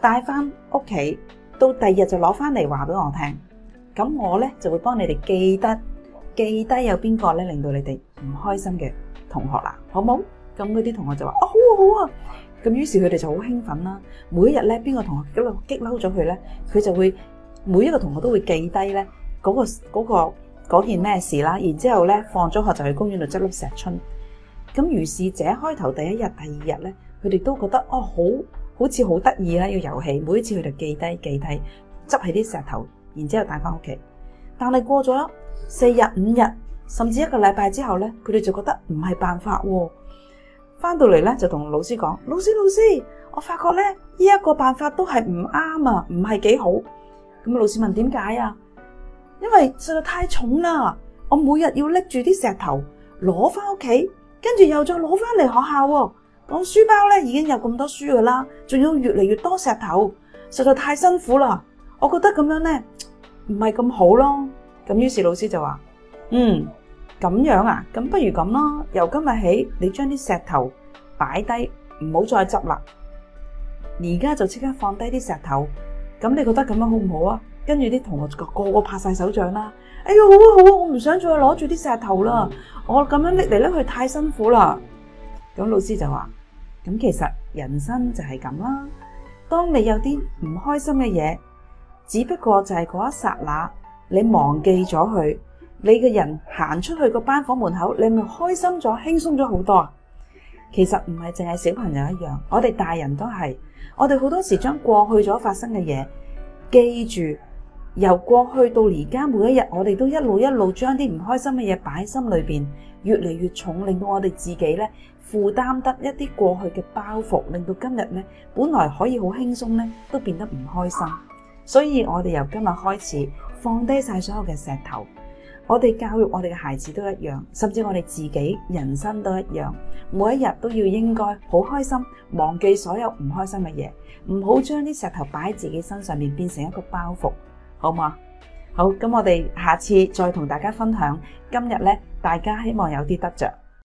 帶翻屋企，到第二日就攞翻嚟話俾我聽，咁我咧就會幫你哋記得記低有邊個咧令到你哋唔開心嘅同學啦，好冇？咁嗰啲同學就話：哦好啊好啊！咁於是佢哋就好興奮啦。每一日咧，邊個同學一路激嬲咗佢咧，佢就會每一個同學都會記低咧嗰個嗰個件咩事啦。然之後咧，放咗學就去公園度執粒石春。咁於是這開頭第一日，第二日咧，佢哋都覺得哦好。好似好得意啦，要遊戲每一次佢就記低記低，執起啲石頭，然之後帶翻屋企。但係過咗四日五日，甚至一個禮拜之後咧，佢哋就覺得唔係辦法喎。翻到嚟咧就同老師講：老師老師，我發覺咧呢一個辦法都係唔啱啊，唔係幾好。咁老師問點解啊？因為實在太重啦，我每日要拎住啲石頭攞翻屋企，跟住又再攞翻嚟學校。我書包咧已經有咁多書噶啦，仲要越嚟越多石頭，實在太辛苦啦。我覺得咁樣咧唔係咁好咯。咁於是老師就話：嗯，咁樣啊，咁不如咁啦。由今日起，你將啲石頭擺低，唔好再執啦。而家就即刻放低啲石頭。咁你覺得咁樣好唔好啊？跟住啲同學個個拍晒手掌啦。哎喲，好啊好啊，我唔想再攞住啲石頭啦。我咁樣拎嚟拎去太辛苦啦。咁老師就話，咁其實人生就係咁啦。當你有啲唔開心嘅嘢，只不過就係嗰一剎那，你忘記咗佢，你個人行出去個班房門口，你咪開心咗輕鬆咗好多。其實唔係淨係小朋友一樣，我哋大人都係，我哋好多時候將過去咗發生嘅嘢記住。由過去到而家，每一日我哋都一路一路將啲唔開心嘅嘢擺喺心裏邊，越嚟越重，令到我哋自己呢負擔得一啲過去嘅包袱，令到今日呢本來可以好輕鬆呢都變得唔開心。所以我哋由今日開始放低晒所有嘅石頭，我哋教育我哋嘅孩子都一樣，甚至我哋自己人生都一樣，每一日都要應該好開心，忘記所有唔開心嘅嘢，唔好將啲石頭擺喺自己身上面，變成一個包袱。好嘛？好，咁我哋下次再同大家分享。今日呢，大家希望有啲得着。